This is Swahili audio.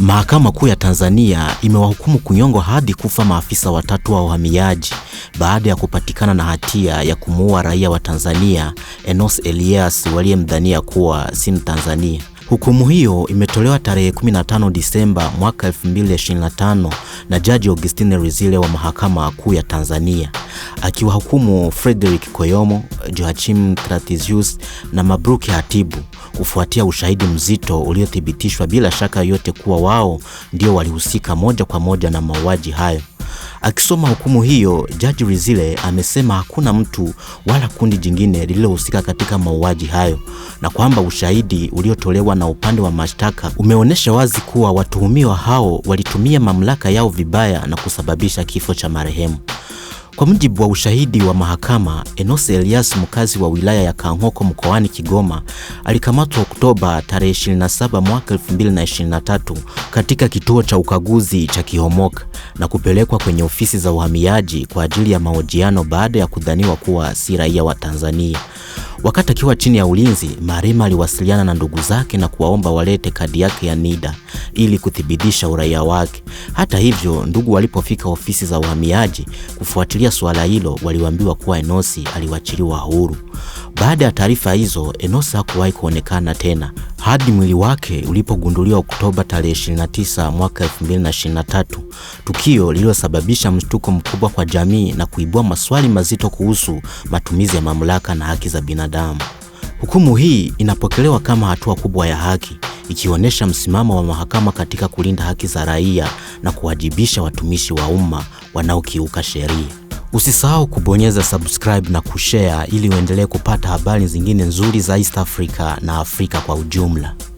Mahakama Kuu ya Tanzania imewahukumu kunyongwa hadi kufa maafisa watatu wa uhamiaji baada ya kupatikana na hatia ya kumuua raia wa Tanzania Enos Elias waliyemdhania kuwa si Mtanzania. Hukumu hiyo imetolewa tarehe 15 Disemba mwaka 2025 na Jaji Augustine Rizile wa Mahakama Kuu ya Tanzania akiwahukumu Frederick Koyomo, Joachim tratisius na Mabruki Hatibu kufuatia ushahidi mzito uliothibitishwa bila shaka yoyote kuwa wao ndio walihusika moja kwa moja na mauaji hayo. Akisoma hukumu hiyo, Jaji Rizile amesema hakuna mtu wala kundi jingine lililohusika katika mauaji hayo na kwamba ushahidi uliotolewa na upande wa mashtaka umeonyesha wazi kuwa watuhumiwa hao walitumia mamlaka yao vibaya na kusababisha kifo cha marehemu. Kwa mujibu wa ushahidi wa mahakama, Enos Elias mkazi wa wilaya ya Kang'oko mkoani Kigoma alikamatwa Oktoba tarehe 27 mwaka 2023 katika kituo cha ukaguzi cha Kihomoka na kupelekwa kwenye ofisi za uhamiaji kwa ajili ya mahojiano baada ya kudhaniwa kuwa si raia wa Tanzania. Wakati akiwa chini ya ulinzi, Marema aliwasiliana na ndugu zake na kuwaomba walete kadi yake ya NIDA ili kuthibitisha uraia wake. Hata hivyo, ndugu walipofika ofisi za uhamiaji kufuatilia suala hilo, waliwaambiwa kuwa Enosi aliwachiliwa huru. Baada ya taarifa hizo, Enosi hakuwahi kuonekana tena hadi mwili wake ulipogunduliwa Oktoba tarehe 29 mwaka 2023, tukio lililosababisha mshtuko mkubwa kwa jamii na kuibua maswali mazito kuhusu matumizi ya mamlaka na haki za binadamu. Hukumu hii inapokelewa kama hatua kubwa ya haki, ikionyesha msimamo wa mahakama katika kulinda haki za raia na kuwajibisha watumishi wa umma wanaokiuka sheria. Usisahau kubonyeza subscribe na kushare ili uendelee kupata habari zingine nzuri za East Africa na Afrika kwa ujumla.